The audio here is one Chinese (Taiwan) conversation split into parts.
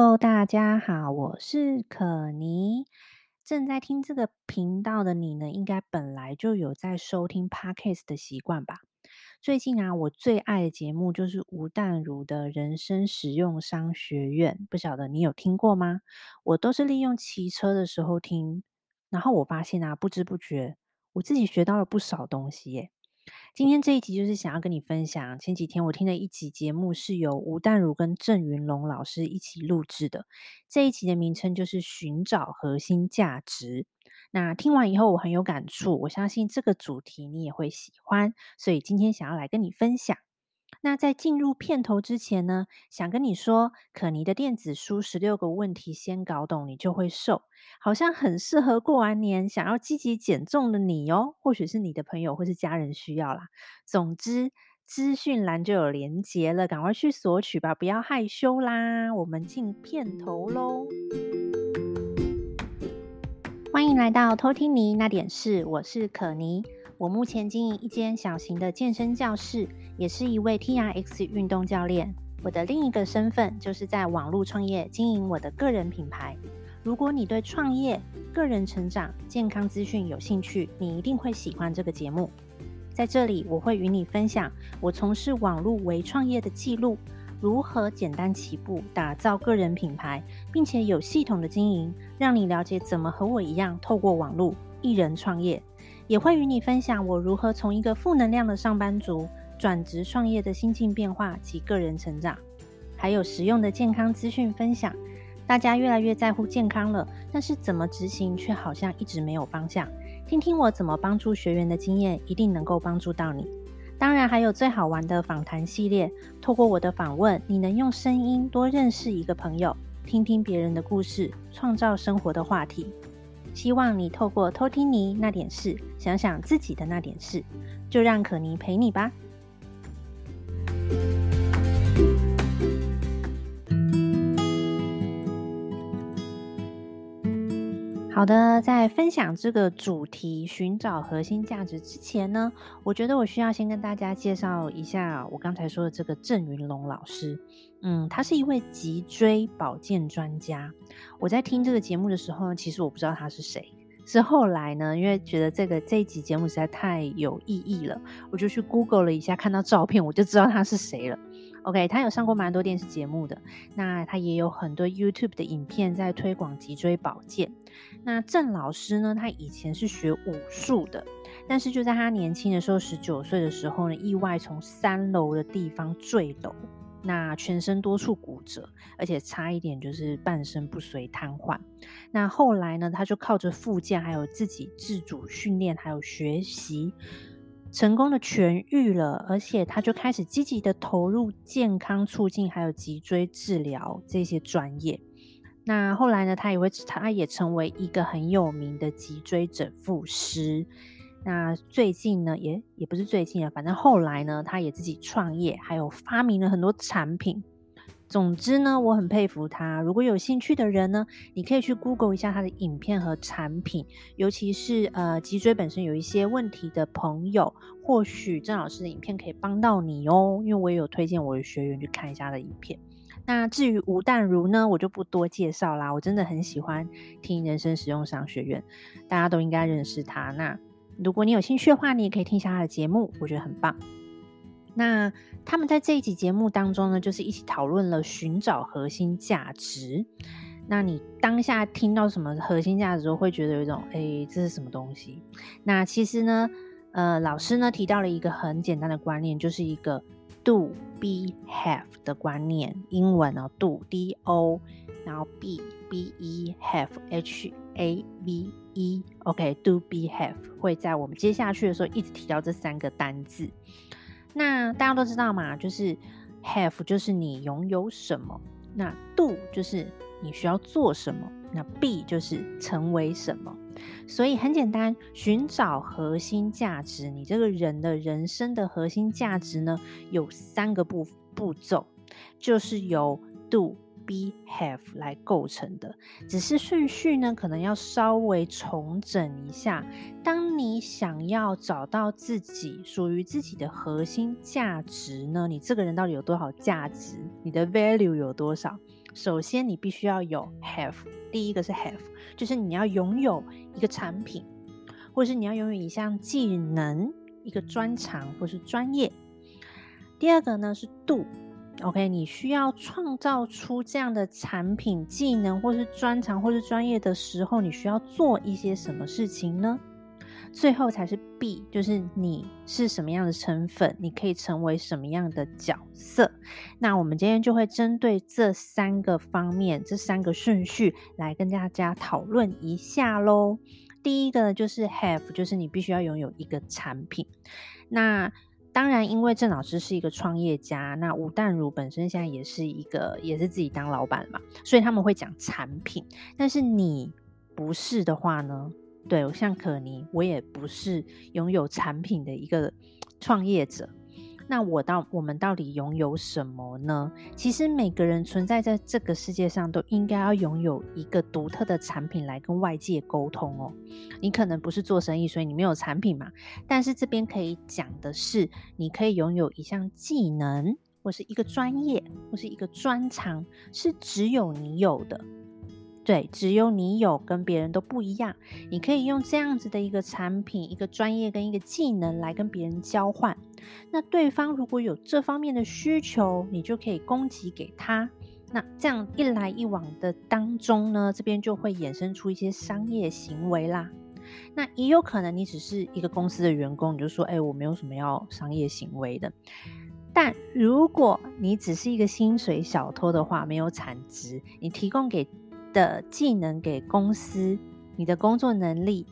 Hello，大家好，我是可妮。正在聽這個頻道的你呢，應該本來就有在收聽 podcast 的習慣吧？最近啊，我最愛的節目就是吳淡如的《人生實用商學院》，不曉得你有聽過嗎？我都是利用騎車的時候聽，然後我發現啊，不知不覺我自己學到了不少東西耶。今天這一集就是想要跟你分享，前幾天我聽的一集節目，是由吳淡如跟鄭雲龍老師一起錄製的。這一集的名稱就是尋找核心價值。那聽完以後我很有感觸，我相信這個主題你也會喜歡，所以今天想要來跟你分享。那在進入片頭之前呢，想跟你說，可妮的電子書《十六個問題先搞懂你就會瘦》，好像很適合過完年想要積極減重的你哦，或許是你的朋友或是家人需要啦。總之，資訊欄就有連結了，趕快去索取吧，不要害羞啦。我們進片頭嘍，歡迎來到偷聽你那點事，我是可妮。我目前經營一間小型的健身教室，也是一位 TRX 運動教練。我的另一個身份就是在網絡創業經營我的個人品牌。如果你對創業、個人成長、健康資訊有興趣，你一定會喜歡這個節目。在這裡，我會與你分享我從事網絡微創業的記錄，如何簡單起步，打造個人品牌，並且有系統的經營，讓你了解怎麼和我一樣透過網絡一人創業。也會與你分享我如何從一個負能量的上班族轉職創業的心境變化及個人成長，還有實用的健康資訊分享。大家越來越在乎健康了，但是怎麼執行卻好像一直沒有方向。聽聽我怎麼幫助學員的經驗，一定能夠幫助到你。當然，還有最好玩的訪談系列，透過我的訪問，你能用聲音多認識一個朋友，聽聽別人的故事，創造生活的話題。希望你透過偷聽你那點事，想想自己的那點事，就讓可妮陪你吧。好的，在分享這個主題“尋找核心價值”之前呢，我覺得我需要先跟大家介紹一下我剛才說的這個鄭雲龍老師。嗯，他是一位脊椎保健專家。我在聽這個節目的時候，其實我不知道他是誰，是後來呢，因為覺得這個這一集節目實在太有意義了，我就去 Google 了一下，看到照片，我就知道他是誰了。OK，他有上過蠻多電視節目的，那他也有很多 YouTube 的影片，在推廣脊椎保健。那鄭老師呢，他以前是學武術的，但是就在他年輕的時候，十九歲的時候呢，意外從三樓的地方墜樓，那全身多處骨折，而且差一點就是半身不遂癱瘓。那後來呢，他就靠着復健，還有自己自主訓練，還有學習，成功的痊癒了，而且他就開始積極的投入健康促進，還有脊椎治療這些專業。那後來呢，他也會，他也成為一個很有名的脊椎整復師。那最近呢，也也不是最近了，反正後來呢，他也自己創業，還有發明了很多產品。總之呢，我很佩服他。如果有興趣的人呢，你可以去 Google 一下他的影片和產品，尤其是呃脊椎本身有一些問題的朋友，或許鄭老師的影片可以幫到你哦。因為我也有推薦我的學員去看一下他的影片。那至於吳淡如呢，我就不多介紹啦。我真的很喜歡聽人生實用商學院，大家都應該認識他。那如果你有興趣的話，你也可以聽一下他的節目，我覺得很棒。那他們在這一集節目當中呢，就是一起討論了尋找核心價值。那你當下聽到什麼核心價值時候，會覺得有一種，哎，這是什麼東西？那其實呢，呃，老師呢提到了一個很簡單的觀念，就是一個 do be have 的觀念。英文哦 do d o，然後 b b e have h a v e，OK，do be have 會在我們接下去的時候一直提到這三個單字。那大家都知道嘛，就是 have 就是你擁有什麼，那 do 就是你需要做什麼，那 be 就是成為什麼。所以很簡單，尋找核心價值，你這個人的人生的核心價值呢，有三個步步驟，就是有 do。Be have 來構成的，只是順序呢，可能要稍微重整一下。當你想要找到自己屬於自己的核心價值呢，你這個人到底有多少價值？你的 value 有多少？首先，你必須要有 have。第一個是 have，就是你要擁有一個產品，或是你要擁有一項技能、一個專長或是專業。第二個呢是 do。OK，你需要創造出這樣的產品技能，或是專長，或是專業的時候，你需要做一些什麼事情呢？最後才是 B，就是你是什麼樣的成分，你可以成為什麼樣的角色。那我們今天就會針對這三個方面，這三個順序來跟大家討論一下咯。第一個呢，就是 Have，就是你必須要擁有一個產品，那。當然，因為鄭老師是一個創業家，那吳淡如本身現在也是一個，也是自己當老闆嘛，所以他們會講產品。但是你不是的話呢？對，我像可妮，我也不是擁有產品的一個創業者。那我到我們到底擁有什麼呢？其實每個人存在在這個世界上，都應該要擁有一個獨特的產品來跟外界溝通哦。你可能不是做生意，所以你沒有產品嘛。但是這邊可以講的是，你可以擁有一項技能，或是一個專業，或是一個專長，是只有你有的。對，只有你有，跟別人都不一樣。你可以用這樣子的一個產品、一個專業跟一個技能來跟別人交換。那對方如果有這方面的需求，你就可以供給給他。那這樣一來一往的當中呢，這邊就會衍生出一些商業行為啦。那也有可能你只是一個公司的員工，你就說，哎，我沒有什麼要商業行為的。但如果你只是一個薪水小偷的話，沒有產值，你提供給的技能給公司，你的工作能力。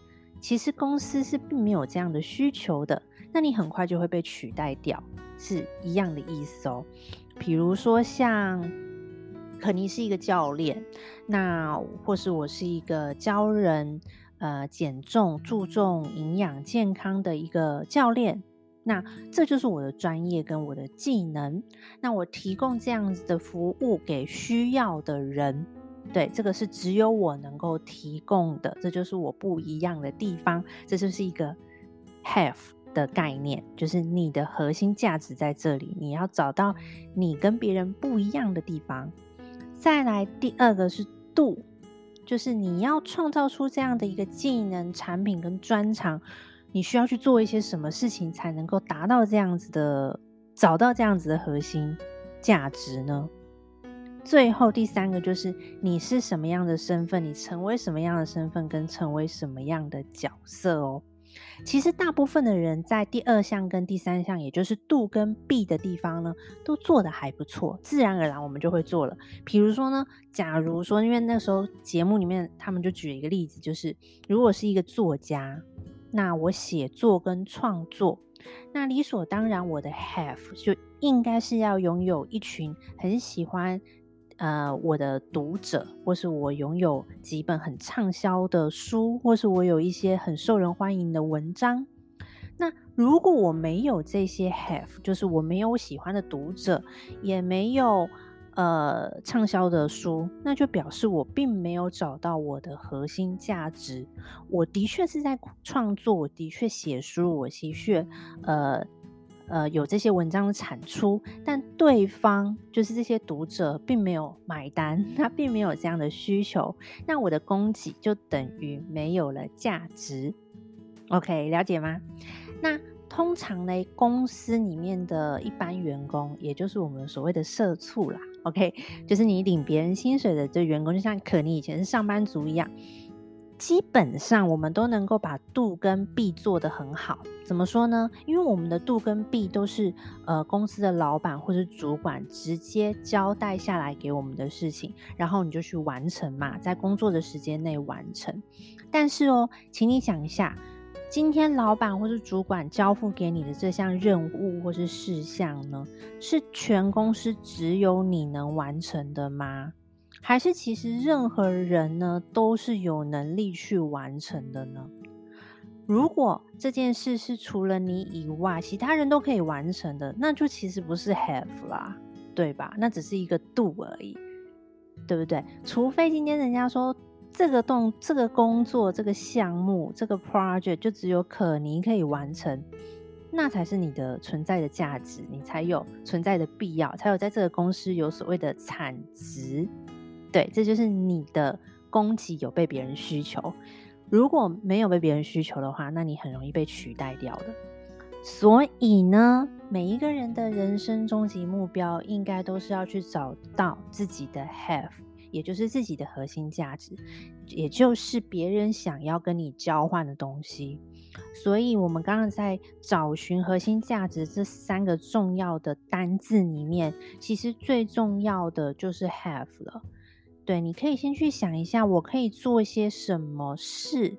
其實公司是並沒有這樣的需求的，那你很快就會被取代掉，是一樣的意思哦。比如說像，你是一個教練，那或是我是一個教人呃減重、注重營養健康的一個教練，那這就是我的專業跟我的技能，那我提供這樣子的服務給需要的人。對，這個是只有我能夠提供的，這就是我不一樣的地方。這就是一個 have 的概念，就是你的核心價值在這裡。你要找到你跟別人不一樣的地方。再來，第二個是 Do，就是你要創造出這樣的一個技能、產品跟專長，你需要去做一些什麼事情才能夠達到這樣子的，找到這樣子的核心價值呢？最後第三個就是你是什麼樣的身份，你成為什麼樣的身份，跟成為什麼樣的角色哦。其實大部分的人在第二項跟第三項，也就是 DO 跟 BE 的地方呢，都做得還不錯，自然而然我們就會做了。比如說呢，假如說因為那時候節目裡面他們就舉一個例子，就是如果是一個作家，那我寫作跟創作，那理所當然我的 have 就應該是要擁有一群很喜歡。呃，我的讀者，或是我擁有幾本很暢銷的書，或是我有一些很受人歡迎的文章。那如果我沒有這些，have，就是我沒有喜歡的讀者，也沒有呃暢銷的書，那就表示我並沒有找到我的核心價值。我的確是在創作，我的確寫書，我的確呃。呃，有這些文章的產出，但對方就是這些讀者，並沒有買單，他並沒有這樣的需求，那我的供給就等於沒有了價值。OK，了解嗎？那通常呢，公司裡面的一般員工，也就是我們所謂的社畜啦，OK，就是你領別人薪水的這員工，就像可你以前是上班族一樣。基本上我們都能夠把 DO 跟 BE 做得很好，怎麼說呢？因為我們的 DO 跟 BE 都是呃公司的老闆或是主管直接交代下來給我們的事情，然後你就去完成嘛，在工作的時間內完成。但是哦，請你想一下，今天老闆或是主管交付給你的這項任務或是事項呢，是全公司只有你能完成的嗎？還是其實任何人呢，都是有能力去完成的呢？如果這件事是除了你以外，其他人都可以完成的，那就其實不是 have 啦，對吧？那只是一個 do 而已，對不對？除非今天人家說這個動、這個工作、這個項目、這個 project 就只有可尼可以完成，那才是你的存在的價值，你才有存在的必要，才有在這個公司有所謂的產值。對，這就是你的供給有被別人需求。如果沒有被別人需求的話，那你很容易被取代掉的。所以呢，每一個人的人生終極目標，應該都是要去找到自己的 have，也就是自己的核心價值，也就是別人想要跟你交換的東西。所以，我們剛剛在找尋核心價值這三個重要的單字裡面，其實最重要的就是 have 了。對，你可以先去想一下，我可以做些什麼事？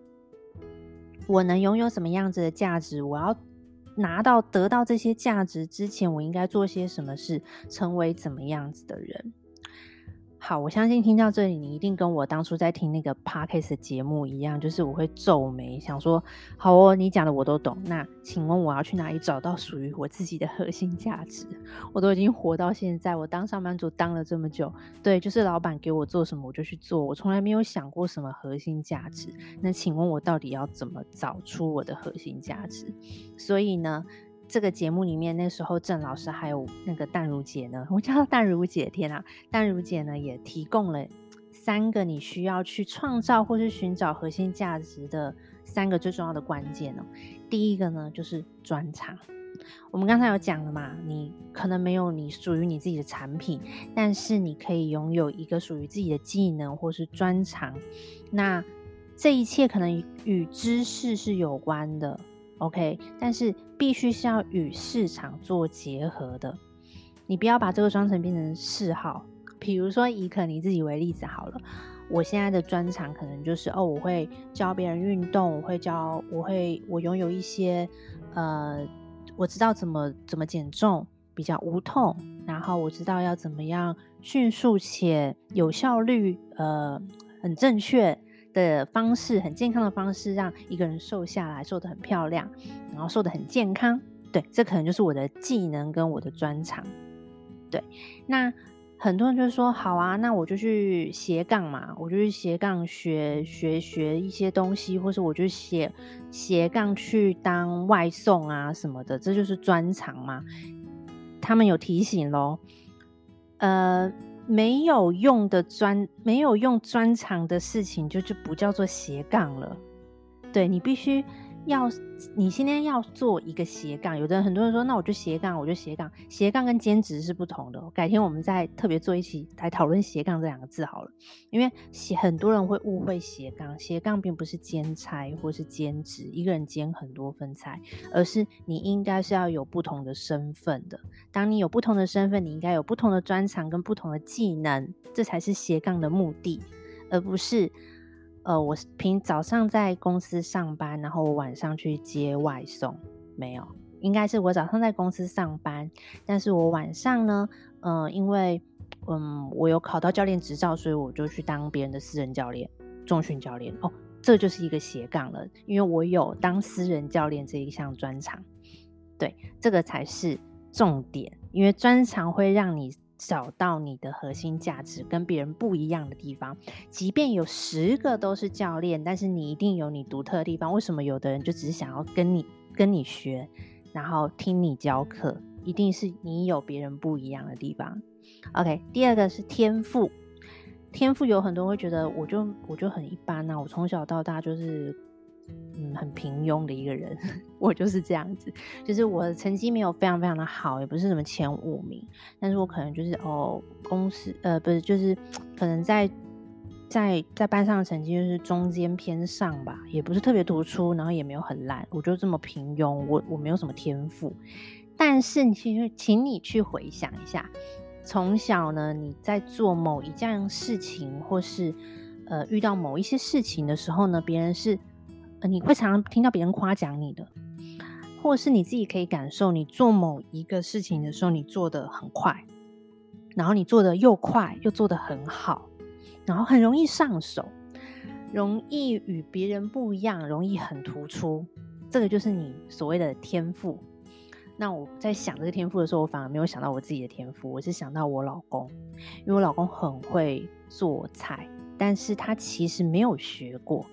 我能擁有什麼樣子的價值？我要拿到、得到這些價值之前，我應該做些什麼事？成為怎麼樣子的人？好，我相信聽到這裡，你一定跟我當初在聽那個 podcast 的節目一樣，就是我會皺眉，想說，好哦，你講的我都懂。那請問我要去哪裡找到屬於我自己的核心價值？我都已經活到現在，我當上班族當了這麼久，對，就是老板給我做什麼我就去做，我從來沒有想過什麼核心價值。那請問我到底要怎麼找出我的核心價值？所以呢？這個節目裡面，那時候鄭老師還有那個淡如姐呢，我叫淡如姐。天啊！淡如姐呢也提供了三個你需要去創造或是尋找核心價值的三個最重要的關鍵呢，哦。第一個呢就是專長，我們剛才有講了嘛，你可能沒有你屬於你自己的產品，但是你可以擁有一個屬於自己的技能或是專長，那這一切可能與知識是有關的。OK，但是必須是要與市場做結合的，你不要把這個專長變成嗜好。比如說以可你自己為例子好了，我現在的專長可能就是哦，我會教別人運動，我會教，我會我擁有一些，呃，我知道怎麼怎麼減重比較無痛，然後我知道要怎麼樣迅速且有效率，呃，很正確。的方式很健康的方式，讓一個人瘦下來，瘦得很漂亮，然後瘦得很健康。對，這可能就是我的技能跟我的專長。對，那很多人就說：“好啊，那我就去斜槓嘛，我就去斜槓學學學，學一些東西，或是我就斜斜槓去當外送啊什麼的，這就是專長嘛。”他們有提醒咯。呃。沒有用的專，沒有用專長的事情，就就不叫做斜槓了。對，你必須。要你今天要做一個斜槓，有的人很多人說，那我就斜槓，我就斜槓。斜槓跟兼職是不同的哦，改天我們再特別做一集來討論斜槓這兩個字好了。因為很多人會誤會斜槓，斜槓並不是兼差或是兼職，一個人兼很多份差，而是你應該是要有不同的身份的。當你有不同的身份，你應該有不同的專長跟不同的技能，這才是斜槓的目的，而不是。呃，我平早上在公司上班，然後我晚上去接外送，沒有，應該是我早上在公司上班，但是我晚上呢，呃，因為嗯，我有考到教練執照，所以我就去當別人的私人教練、重訓教練，哦，這就是一個斜槓了，因為我有當私人教練這一項專長，對，這個才是重點，因為專長會讓你。找到你的核心價值，跟別人不一樣的地方。即便有十個都是教練，但是你一定有你獨特的地方。為什麼有的人就只是想要跟你跟你學，然後聽你教課？一定是你有別人不一樣的地方。OK，第二個是天賦。天賦有很多人會覺得，我就我就很一般啊，我從小到大就是。嗯，很平庸的一個人，我就是這樣子，就是我的成績沒有非常非常的好，也不是什麼前五名，但是我可能就是哦，公司呃不是，就是可能在在在班上的成績就是中間偏上吧，也不是特別突出，然後也沒有很爛，我就這麼平庸，我我沒有什麼天賦，但是其實，請你去回想一下，從小呢你在做某一件事情，或是呃遇到某一些事情的時候呢，別人是。呃，你會常常聽到別人誇獎你的，或是你自己可以感受，你做某一個事情的時候，你做得很快，然後你做得又快又做得很好，然後很容易上手，容易與別人不一樣，容易很突出，這個就是你所謂的天賦。那我在想這個天賦的時候，我反而沒有想到我自己的天賦，我是想到我老公，因為我老公很會做菜，但是他其實沒有學過。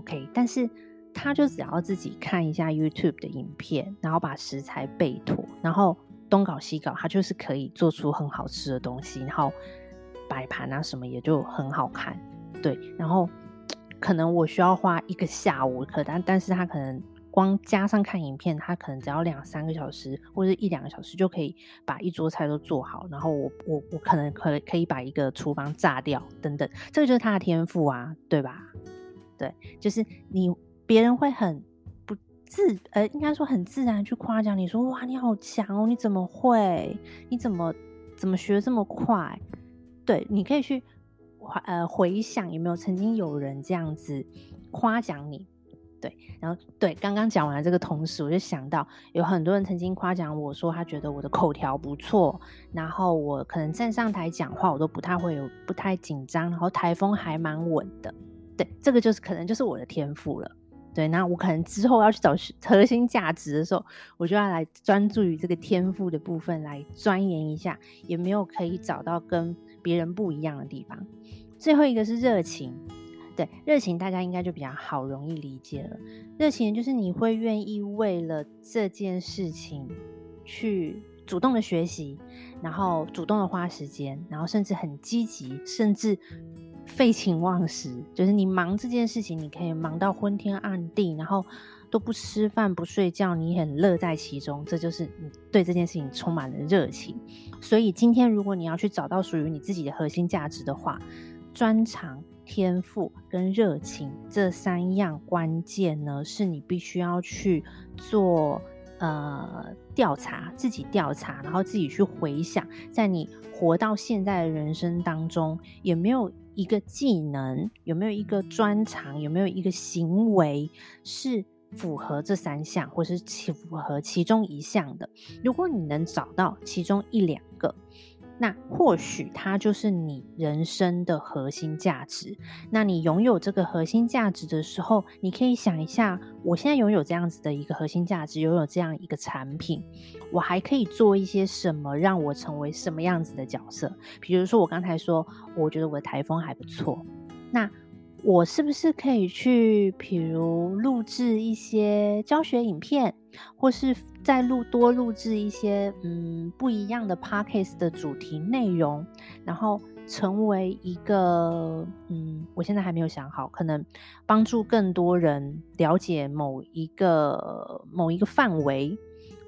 OK，但是他就只要自己看一下 YouTube 的影片，然後把食材備妥，然後東搞西搞，他就是可以做出很好吃的東西，然後擺盤啊什麼也就很好看，對。然後可能我需要花一個下午，可但但是他可能光加上看影片，他可能只要兩三個小時或者一兩個小時就可以把一桌菜都做好。然後我我我可能可以可以把一個廚房炸掉等等，這個就是他的天賦啊，對吧？對，就是你，別人會很不自，呃，應該說很自然去誇獎你說，哇，你好強哦，你怎麼會？你怎麼怎麼學這麼快？對，你可以去呃回想有沒有曾經有人這樣子誇獎你？對，然後對剛剛講完這個同時，我就想到有很多人曾經誇獎我說他覺得我的口條不錯，然後我可能站上台講話，我都不太會有不太緊張，然後台風還蠻穩的。對，這個就是可能就是我的天賦了。對，那我可能之後要去找核心價值的時候，我就要來專注於這個天賦的部分來鑽研一下，也沒有可以找到跟別人不一樣的地方。最後一個是熱情，對，熱情大家應該就比較好容易理解了。熱情就是你會願意為了這件事情去主動的學習，然後主動的花時間，然後甚至很積極，甚至。廢寢忘食，就是你忙這件事情，你可以忙到昏天暗地，然後都不吃飯、不睡覺，你很樂在其中。這就是你對這件事情充滿了熱情。所以今天，如果你要去找到屬於你自己的核心價值的話，專長、天賦跟熱情這三樣關鍵呢，是你必須要去做呃調查，自己調查，然後自己去回想，在你活到現在的人生當中，有沒有。一個技能，有沒有一個專長，有沒有一個行為是符合這三項，或者是符合其中一項的？如果你能找到其中一兩個。那或許它就是你人生的核心價值。那你擁有這個核心價值的時候，你可以想一下，我現在擁有這樣子的一個核心價值，擁有這樣一個產品，我還可以做一些什麼，讓我成為什麼樣子的角色？比如說我剛才說，我覺得我的台風還不錯，那我是不是可以去，比如錄製一些教學影片，或是，再錄，多錄製一些嗯，不一樣的 Podcast 的主題內容，然後成為一個嗯，我現在還沒有想好，可能幫助更多人了解某一個某一個範圍、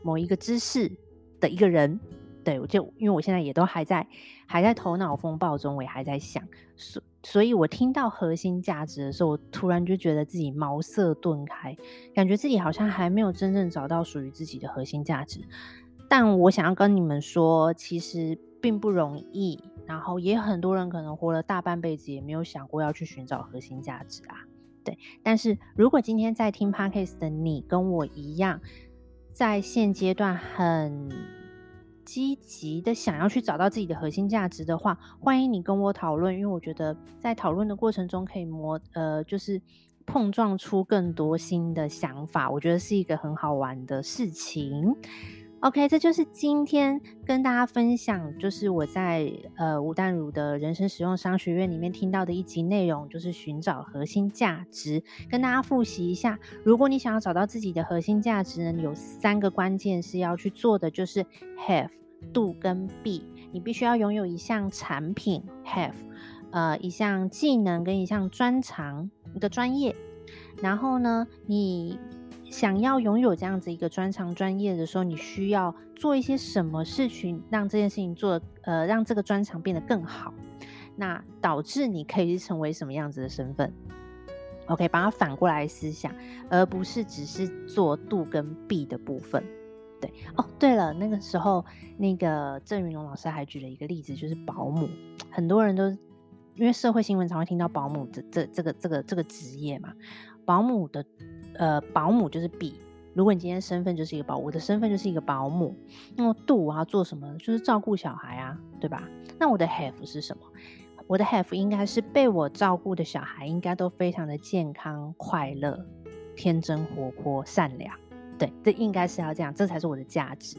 某一個知識的一個人。對，我就因為我現在也都還在還在頭腦風暴中，我也還在想，所以所以，我聽到核心價值的時候，我突然就覺得自己茅塞頓開，感覺自己好像還沒有真正找到屬於自己的核心價值。但我想要跟你們說，其實並不容易。然後也很多人可能活了大半輩子，也沒有想過要去尋找核心價值啊。對，但是如果今天在聽 Podcast 的你跟我一樣，在現階段很積極的想要去找到自己的核心價值的話，歡迎你跟我討論，因為我覺得在討論的過程中可以磨，呃，就是碰撞出更多新的想法，我覺得是一個很好玩的事情。OK，這就是今天跟大家分享，就是我在呃吳淡如的人生實用商學院裡面聽到的一集內容，就是尋找核心價值。跟大家復習一下，如果你想要找到自己的核心價值呢，有三個關鍵是要去做的，就是 have、do 跟 be。你必須要擁有一項產品，have，呃，一項技能跟一項專長，一個專業。然後呢，你。想要擁有這樣子一個專長、專業的時候，你需要做一些什麼事情，讓這件事情做呃，讓這個專長變得更好？那導致你可以成為什麼樣子的身份？OK，把它反過來思想，而不是只是做度跟 B 的部分。對，哦，對了，那個時候那個鄭雲龍老師還舉了一個例子，就是保姆，很多人都因為社會新聞才會聽到保姆的這這這個這個這個職業嘛，保姆的。呃，保姆就是 BE，如果你今天身份就是一個保，我的身份就是一個保姆，那麼 DO 我要做什麼？就是照顧小孩啊，對吧？那我的 have 是什麼？我的 have 應該是被我照顧的小孩應該都非常的健康、快樂、天真、活潑、善良，對，這應該是要這樣，這才是我的價值，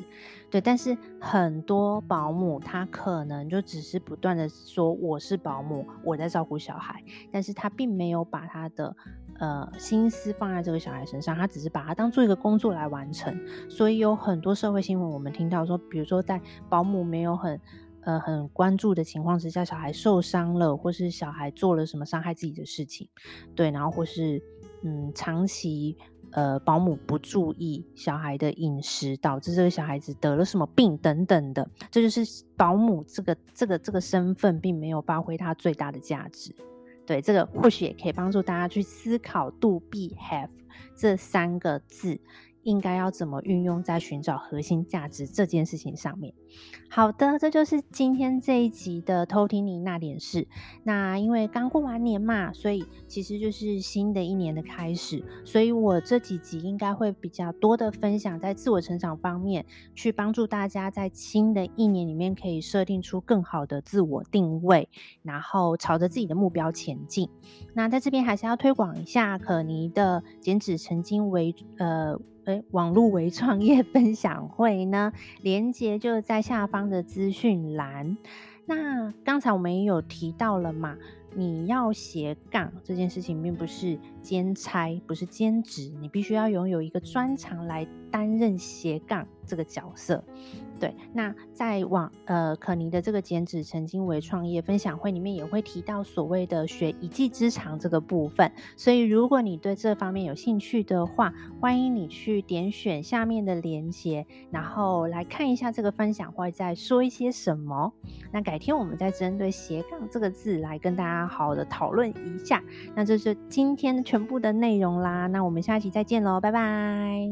對。但是很多保姆他可能就只是不斷的說我是保姆，我在照顧小孩，但是他並沒有把他的。呃，心思放在這個小孩身上，他只是把他當做一個工作來完成。所以有很多社會新聞我們聽到說，比如說在保姆沒有很呃很關注的情況之下，小孩受傷了，或是小孩做了什麼傷害自己的事情，對，然後或是嗯，長期呃保姆不注意小孩的飲食，導致這個小孩子得了什麼病等等的，這就是保姆這個這個這個身份並沒有發揮他最大的價值。對這個，或許也可以幫助大家去思考 “do, be, have” 這三個字。應該要怎麼運用在尋找核心價值這件事情上面？好的，這就是今天這一集的偷聽你那點事。那因為剛過完年嘛，所以其實就是新的一年的開始，所以我這幾集應該會比較多的分享在自我成長方面，去幫助大家在新的一年裡面可以設定出更好的自我定位，然後朝着自己的目標前進。那在這邊還是要推廣一下可妮的減脂曾經為呃。哎、欸，網絡微創業分享會呢，連結就在下方的資訊欄。那剛才我們也有提到了嘛，你要斜槓這件事情，並不是兼差，不是兼職，你必須要擁有一個專長來擔任斜槓。這個角色，對，那在往呃可妮的這個減脂增肌微創業分享會裡面也會提到所謂的學一技之長這個部分，所以如果你對這方面有興趣的話，歡迎你去點選下面的鏈接，然後來看一下這個分享會在說一些什麼。那改天我們再針對斜槓這個字來跟大家好好的討論一下。那這是今天全部的內容啦，那我們下期再見嘍，拜拜。